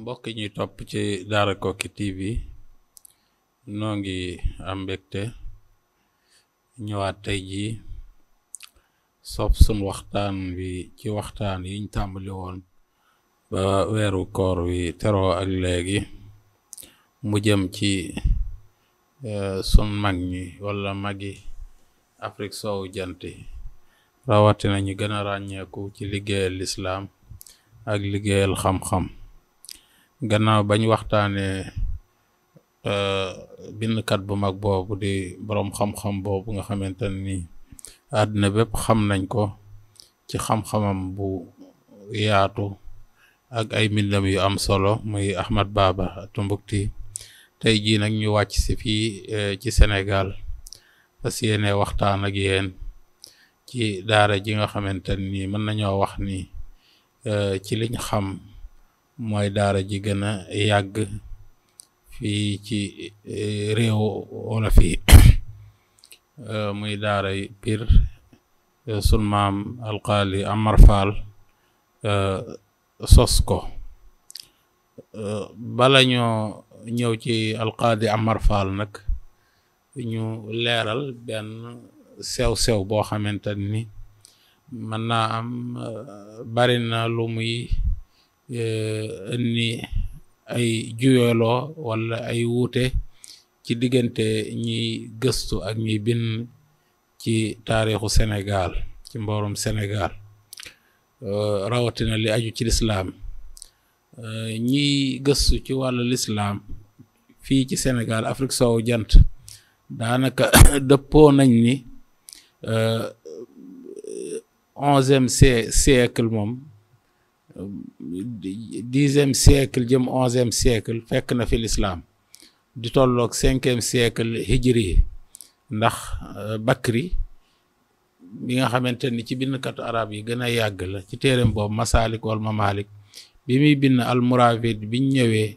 mbokk yi topp ci Daara Koki TV noo ngi am mbégte ñëwaat tey jii sof sunu waxtaan wi ci waxtaan yiñ tàmbali woon ba weeru koor wi teroo ak léegi mu jëm ci e, sun mag ñi wala magi Afrique soowu jant yi rawatina ñu gën a ràññeeku ci liggéeyal lislaam ak liggéeyal xam-xam gannaaw bañ waxtaanee euh, bindkat bu mag boobu di boroom xam-xam boobu nga xamante nii àddina bépp xam nañ ko ci xam-xamam bu yaatu ak ay mbindam yu am solo muy Ahmad Baba Tumbukti tey jii nag ñu wàcc si fii euh, ci Sénégal fas yéene waxtaan ak yeen ci daara ji nga xamante ni mën nañoo wax ni euh, ci liñ xam mooy daara ji gën a yàgg fii ci e, réew wala fii euh, muy daara piir e, sun maam alqaali Amar Fall e, sos ko bala ñoo ñëw ci alqaadi Amar Fall nag ñu leeral benn sew-sew boo xamante ni mën naa am bari na lu muy ni ay juyooloo wala ay wuute ci diggante ñiy gëstu ak ñiy bin ci taarixu Sénégal ci mboorum Sénégal euh, rawatina li aju ci lislaam euh, ñiy gëstu ci wàll lislaam fii ci Sénégal Afrique sow jant daanaka dëppoo nañ ni euh, onzième siècle moom dixième siècle jëm onzième siècle fekk na fi lislaam di tollook cinquième siècle hijri ndax euh, Bakri bi nga xamante ni ci bindkatu arab yi gën a yàgg la ci téereem boobu Masaalik wal Mamaalik bi muy bind almuravid biñ ñëwee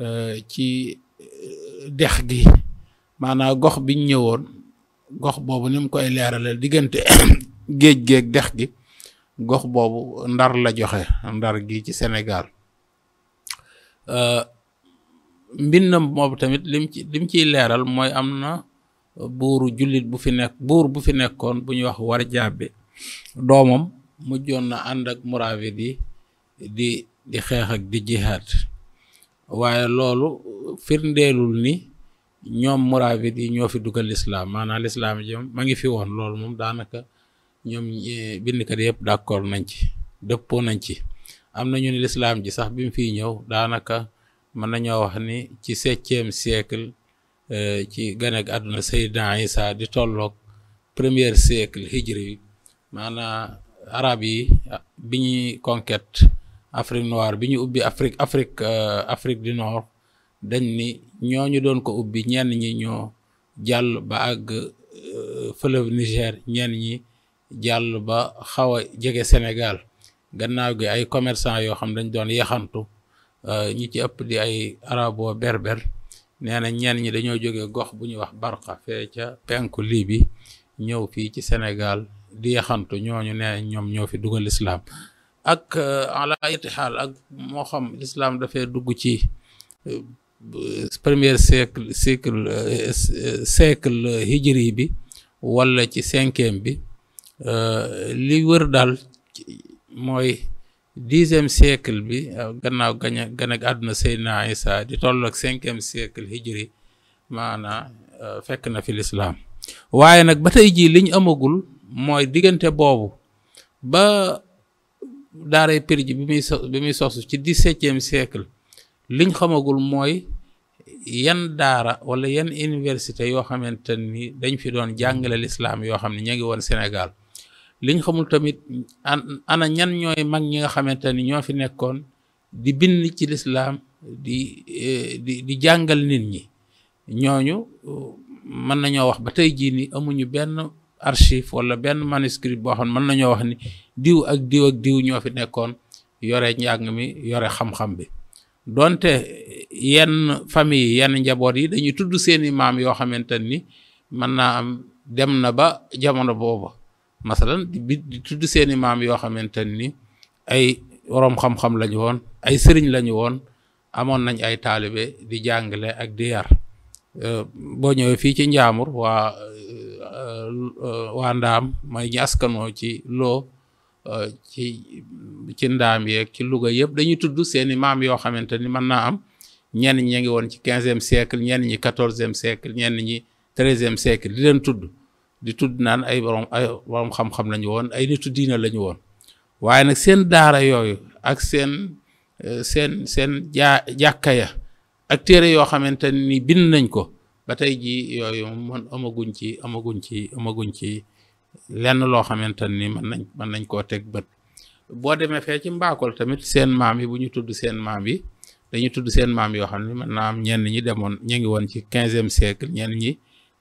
euh, ci euh, dex gi maanaam gox biñ ñëwoon gox boobu ni mu koy leeralal diggante géej géeg dex gi gox boobu ndar la joxe ndar gi ci Sénégal euh, mbindam boobu tamit lim ci lim ciy leeral mooy am na buuru jullit bu fi nekk buur bu fi nekkoon bu ñuy wax war jàbbe doomam joon na ànd ak muravid yi di di xeex ak di jihaad waaye loolu firndeelul ni ñoom muravid yi ñoo fi dugal lislaam maanaam lislaam ji ma ngi fi woon loolu moom daanaka ñoom eh, bindkat yëpp d'accord nañ ci dëppoo nañ ci am nañu ñu ne lislaam ji sax bi mu ñëw daanaka mën nañoo wax ni ci septième siècle eh, ci gane ak àdduna Seydina Isa di tollook premier siècle hijri bi maanaa arab yi bi ñuy conquête Afrique noire bi ñu ubbi Afrique Afrique eh, Afrique du Nord dañ ni ñoo ñu doon ko ubbi ñenn ñi ñoo jàll ba àgg fleuve Niger ñeen ñi jàll ba xaw a jege Sénégal gannaaw gi ay commerçant yoo xam dañ doon yaxantu euh, ñi ci ëpp di ay arabo berber nee na ñenn ñi dañoo jóge gox bu ñuy wax barqa fee ca penku lii bi ñëw fii ci Sénégal di yaxantu ñooñu nee ñoom ñoo fi dugal lislaam ak euh, ala itixaal ak moo xam lislaam dafay dugg ci euh, première siècle siècle hijri bi wala ci cinquième bi Euh, li wër daal mooy dixième siècle bi gannaaw gaña gane àdduna Seydina Isa di toll ak cinquième siècle hijri maana euh, fekk na fi lislaam waaye nag ba tey jii liñ amagul mooy diggante boobu ba daaray Pirj bi muy so bi muy sosu ci dix-septième siècle liñ xamagul mooy yan daara wala yan université yoo xamante ni dañ fi doon jàngale lislaam yoo xam ne ñu ngi won Sénégal liñ xamul tamit ana ñan ñooy mag ñi nga xamante ni ñoo fi nekkoon di bind ci lislaam di eh, di di jàngal nit ñi ñooñu mën nañoo wax ba tey jii ni amuñu benn archive wala benn manuscrit boo xam ne mën nañoo wax ni diw ak diw ak diw ñoo fi nekkoon yore njàng mi yore xam-xam bi donte yenn famille yenn njaboot yi dañuy tudd seeni maam yoo xamante ni mën naa am dem na ba jamono booba masalan di tudd seeni maam yoo xamante ni ay woroom xam-xam lañu woon ay sëriñ lañu woon amoon nañ ay taalibe di jàngale ak di yar euh, boo ñëwee fii ci Njaambur waa euh, euh, waa ndaam may ñi askanoo ci loo ci ci ndaam yeeg ci Louga yëpp dañuy tudd seeni maam yoo xamante ni mën naa am ñenn ñi ngi woon ci quinzième siècle ñenn ñi quatorzième siècle ñenn ñi treizième siècle di leen tudd di tudd naan ay borom ay borom xam-xam lañu woon ay nitu diina lañu woon waaye nag seen daara yooyu ak seen eh, seen seen jaa ak téere yoo xamante ni bind nañ ko ba tey jii yooyu man amaguñ ci amaguñ ci amaguñ ci lenn loo xamante ni mën nañ mën nañ koo teg bët boo demee fee ci mbaakol tamit seen maam yi bu ñu tudd seen maam yi dañu tudd seen maam yoo xam ne mën naa am ñenn ñi demoon ñu ngi woon ci quinzième siècle ñeen ñi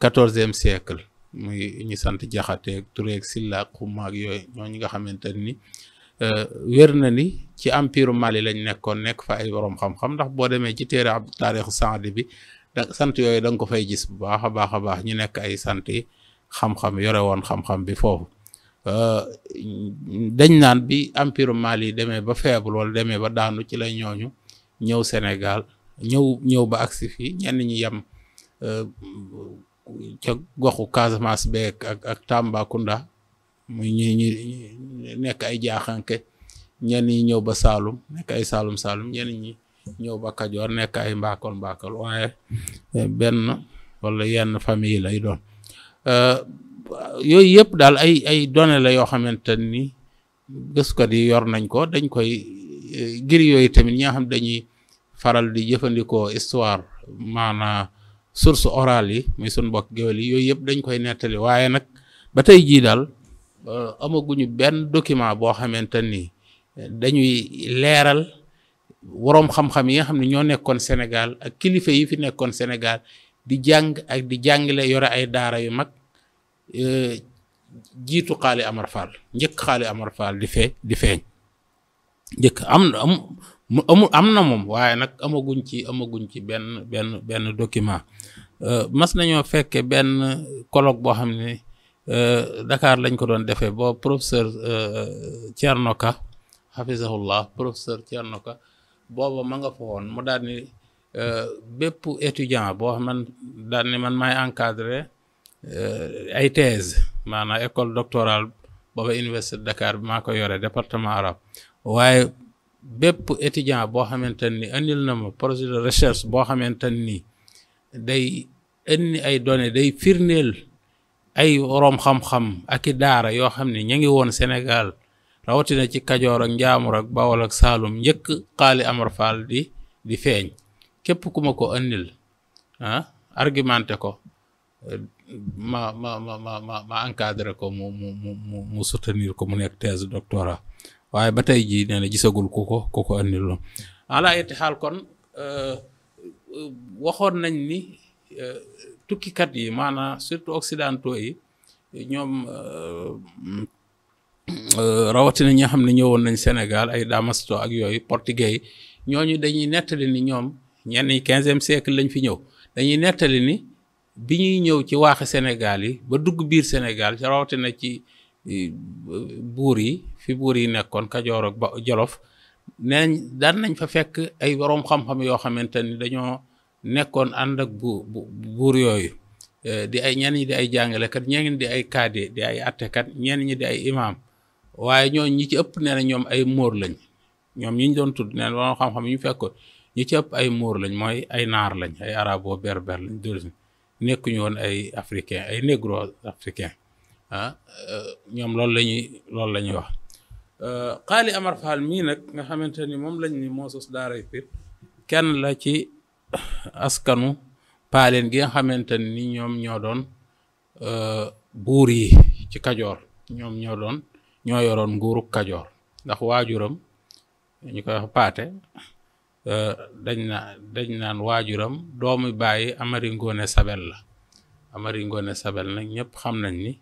quatorzième siècle muy ñi sant jaxateeg tureeg sillaak xummaak yooyu ñooñu nga xamante ni euh, wér na ni ci empire Mali lañ nekkoon nekk fa ay borom xam-xam ndax boo demee ci téere ab taarixu Saadi sant yooyu danga ko fay gis bu baax a baax a baax ñu nekk ay sant yi xam-xam yore woon xam-xam bi foofu euh, dañ naan bi empire Mali yi demee ba faible wala demee ba daanu ci la ñooñu ñëw Sénégal ñëw ñëw ba agsi fii ñenn ñi yem euh, ca goxu Casamance beeg ak ak Tambacounda muy ñi nekk ay jaaxanke ñenn ñëw ba Saalum nekk ay Saalum Saalum ñenn ñëw ba Kajoor nekk ay mbaakol mbaakol waaye eh, benn wala yenn famille lay doon eh, yooyu yëpp daal ay ay données la yoo xamante ni gëstukat yi yor nañ ko dañ koy eh, ngir yooyu tamit ñi nga xam dañuy faral di jëfandikoo histoire maanaa source orale yi muy suñ mbokk géwél yi yooyu yëpp dañ koy nettali waaye nag ba tey jii daal euh, amaguñu benn document boo xamante ni dañuy leeral woroom xam-xam yi nga xam ne ñoo nekkoon Sénégal ak kilifa yi fi nekkoon Sénégal di jàng ak di jàngile yore ay daara yu mag euh, jiitu xaali Amar Fall njëkk xaali Amar Fall di fee di feeñ njëkk mu amul am na moom waaye nag amaguñ ci amaguñ ci benn benn benn document euh, mas nañoo fekke benn colloque boo xam ne euh, Dakar lañ ko doon defee boo professeur euh, Thierno Ka hafizahullah professeur Thierno Ka booba ma nga fa woon mu daal ni bépp étudiant boo xam man daal ni man maay encadré ay thèse maanaam école doctoral booba université Dakar bi maa ko yore département arabe waaye bépp étudiant boo xamante ni indil na ma projet de recherche boo xamante ni day indi ay données day firndeel ay woroom xam-xam ak i daara yoo xam ne ñu ngi woon Sénégal rawatina ci Kajoor ak Njaamur ak Bawol ak Saalum njëkk Xaali Amar Fall di di feeñ képp ku ma ko indil ah, argumenté ko ma ma ma encadré ko mu mu mu ko mu nekk thèse doctorat waaye ba tey jii nee na gisagul ku ko ku ko andil lool ala yetti xaal kon euh, euh, waxoon nañ ni euh, tukkikat yi maanaam surtout occidentaux yi ñoom rawatina ñi nga xam ne ñëwoon nañ Sénégal ay Damasto ak yooyu portugais yi ñooñu dañuy nettali ni ñoom ñenn ñi quinzième siècle lañ fi ñëw dañuy nettali ni bi ñuy ñëw ci waaxi Sénégal yi ba dugg biir senegal Sénégal rawatina ci buur yi fi buur yi nekkoon Kajoor ak Jolof neen daan nañ fa fekk ay boroom xam-xam yoo xamante ni dañoo nekkoon ànd ak bu buur yooyu eh, di ay ñenn ñi di ay jàngalekat ñenn ñi di ay kaadi di ay attekat ñenn ñi di ay imaam waaye ñoo ñi ci ëpp nee na ñoom ay móor lañ ñoom ñi doon tudd nee na boroom xam-xam ñu fekkoon ñi ci ëpp ay móor lañ mooy ay naar lañ ay arabo berber lañ dóorsi nekkuñu woon ay africain ay négro africain ah eh, ñoom loolu lañuy loolu la ñuy wax xaali Amar Fall mii nag nga xamante ni moom lañ ni moo sos daaray Pire kenn la ci askanu paaleen gi nga xamante ni ñoom ñoo doon euh, buur yi ci kajoor ñoom ñoo doon ñoo yoroon nguuruk kajoor ndax waajuram ñu koy wax paate euh, dañ na naan waajuram doomi bàyyi Amari Ngoone Sabel la Amari Ngoone Sabel nag ñépp xam nañ ni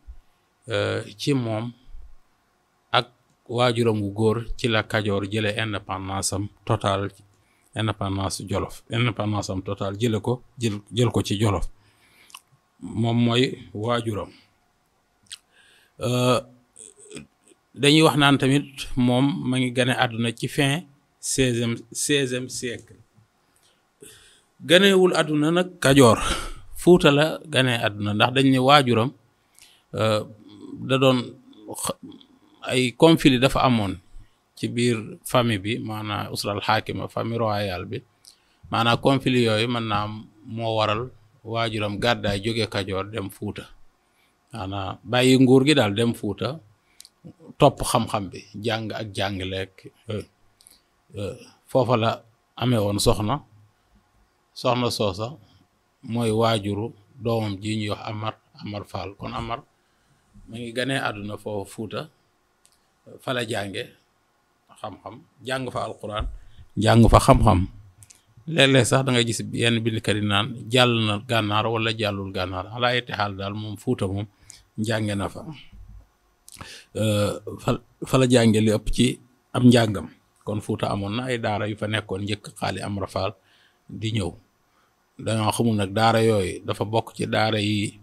euh, ci moom waajuram wu góor ci la kajoor jële indépendance am total indépendance jolof indépendance am total jële ko jël ko ci jolof moom mooy waajuram euh, dañuy wax naan tamit moom ma ngi gane àdduna ci fin seizième seizième siècle ganewul àdduna nag kajoor fuuta gane àdduna ndax dañ ne waajuram euh, da doon ay conflit dafa amoon ci biir famille bi maanaam usral xaakima famille royale bi maanaam conflit yooyu mën naa am moo waral waajuram gàddaay jóge kajoor dem fuuta maanaam bàyyi nguur gi daal dem fuuta topp xam-xam bi jàng ak jàngaleek euh, euh, foofa la amee woon soxna soxna soosa mooy waajuru doomam ji ñuy Amar Amar Fall kon Amar mu ngi ganee àdduna foofu fuuta fa la jànge xam-xam jàng fa alquran jàng fa xam-xam léeg-léeg sax da ngay gis yenn bindkat yi naan jàll na gànnaar wala jàllul gànnaar alaa yetti xaal daal moom fuuta moom jànge na fa fa fa la jànge li ëpp ci am njàngam kon fuuta amoon na ay daara yu fa nekkoon njëkk xaali am rafaal di ñëw dañoo xamul nag daara yooyu dafa bokk ci daara yi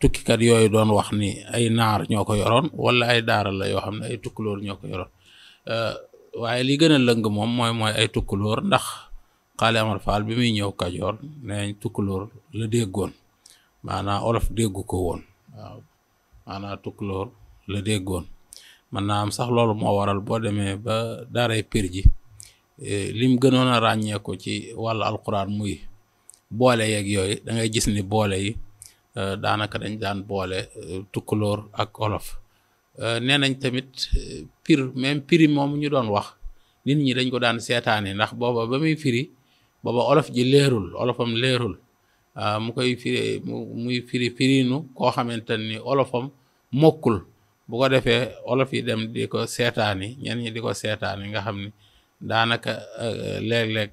tukkikat yooyu doon wax ni ay naar ñoo ko yoroon wala ay daara la yoo xam ne ay tukkulóor ñoo ko yoroon euh, waaye li gën a lëng moom mooy mooy ay tukkulóor ndax xaale Amar bi muy ñëw Kajoor nee tukkulóor la déggoon maanaam olof déggu ko woon waaw maanaam la déggoon man naa am sax loolu moo waral boo demee ba daaray piir ji eh, lim gënoon a ràññeeku ci wàllu alxuraan muy boole yeeg yooyu da gis ni boole yi. Euh, daanaka dañ daan boole euh, tukkulóor ak olof euh, nee nañ tamit pir même piri moom ñu doon wax nit ñi dañ ko daan seetaani ndax booba ba muy firi booba olof ji leerul olofom leerul mu koy firi muy firi firinu koo xamante ni olofom mokkul bu ko defee olof yi dem di ko seetaani ñen ñi di ko seetaani nga xam ni daanaka léeg-léeg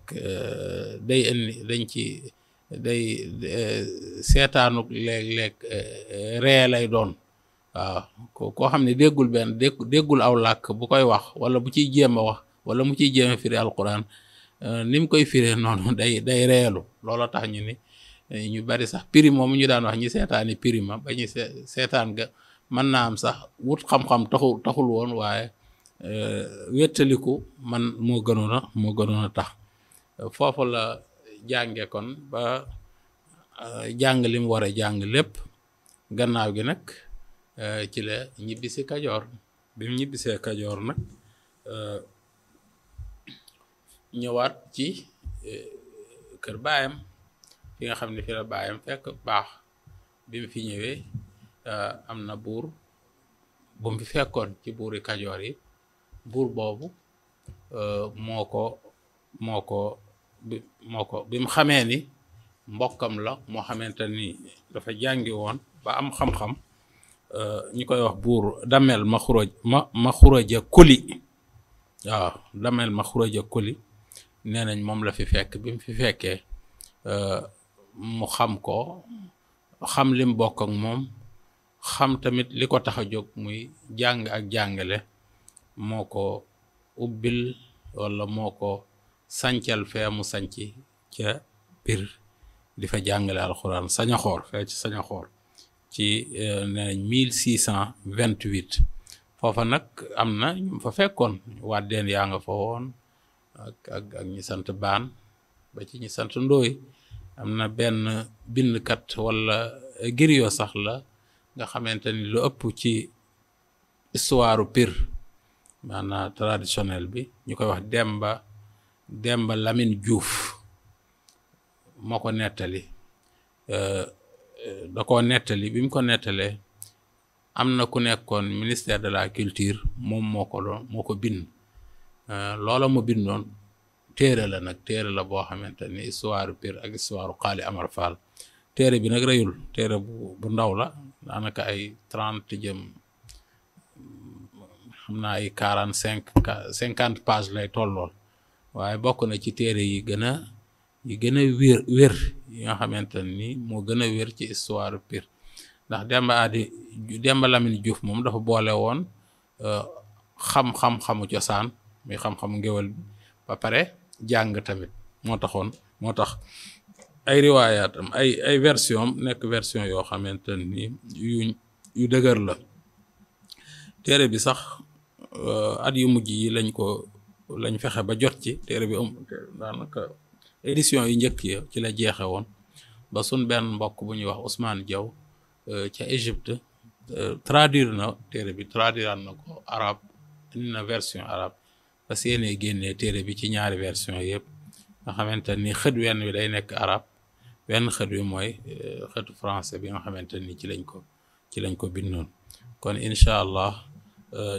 day indi dañ ci day eh, seetaanuk lekk léeg eh, ree lay doon waaw koo xam ne déggul benn déggul aw làkk bu koy wax wala bu ciy jéem a wax wala mu ciy jéem a firi alquran eh, ni mu koy firee noonu day day reelu loola tax ñu ni ñu bari sax moom mu ñu daan wax ñi seetaani prix ma ba ñu seetaan ga mën naa am sax wut xam-xam taxul woon waaye wéttaliku man moo gënoon a moo gënoon tax foofu la jànge kon ba euh, jàng lim war a jàng lépp gannaaw gi nag euh, ci la ñibbisi kajoor bi ñibbisee kajoor nag euh, ñëwaat ci kër baayam fi nga xam ne fi la baayam fekk baax bi fi ñëwee am na buur bu mu fi fekkoon ci buuri kajoor yi buur boobu moo ko moo ko bi moo ko bi mu xamee ni mbokkam la moo xamante ni dafa jàngi woon ba am xam-xam euh, ñi koy wax buur damel ma xuraj ma ma ma xuraja kuli nee nañ moom la fi fekk bi mu fi fekke euh, mu xam ko xam lim bokk moom xam tamit li ko tax a jóg muy jàng ak jàngale moo ko ubbil walla moo ko sancal fee mu sanc ca pir di fa jàngale alxuraan sañ fee ci sañ a xoor ci eh, nee vingt huit foofa nag am na ñu fa fekkoon wàddeen yaa nga fa woon ak ak ñi sant baan ba ci ñi sant ndóoy am na benn bindkat walla griot sax la nga xamante ni lu ëpp ci histoire pir maanaam traditionnel bi ñu koy wax Demba Demba lamin Diouf moo ko nettali euh, euh, da ko nettali bi mu ko nettalee am na ku nekkoon ministère de la culture moom moo ko doon moo ko bind euh, loola mu bindoon téere la nag téere la boo xamante ni histoire Pire ak histoire Xaali Amar Fall téere bi nag rëyul téere bu bu ndaw la daanaka ay trente jëm xam naa ay quarante cinq cinquante page lay lool waaye bokk na ci téere yi gën a yi gën a wér wér yi nga xamante ni moo gën a wér ci histoire Pire ndax Demba Adi Demba Lamine Diouf moom dafa boole woon xam-xam euh, xamu cosaan muy xam-xam ngéwal ba pare jàng tamit moo taxoon moo tax ay riwaayaatam ay ay version nekk version yoo xamante ni yu yu dëgër la téere bi sax euh, at yu mujj yi lañ ko lañ fexe ba jot ci téere bi am daanaka édition yi njëkk ya ci la jeexe woon ba sun benn mbokk bu ñuy wax Ousmane Diaw euh, ca Égypte euh, traduire na téere bi traduire na ko arab indi na version arab parce que génnee téere bi ci ñaari version yëpp nga xamante ni xët wenn wi day nekk arab wenn xët wi mooy euh, xëtu français bi nga xamante ni ci lañ ko ci lañ ko bindoon kon incha allah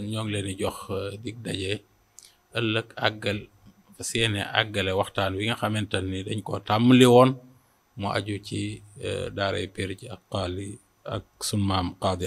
ñoo ngi leen di jox dig daje. ëllëg àggal fas yéene àggale waxtaan wi nga xamante ni dañ ko tàmmali woon mu aju ci e, daaray pér ci ak xaali ak sun maam Qaadi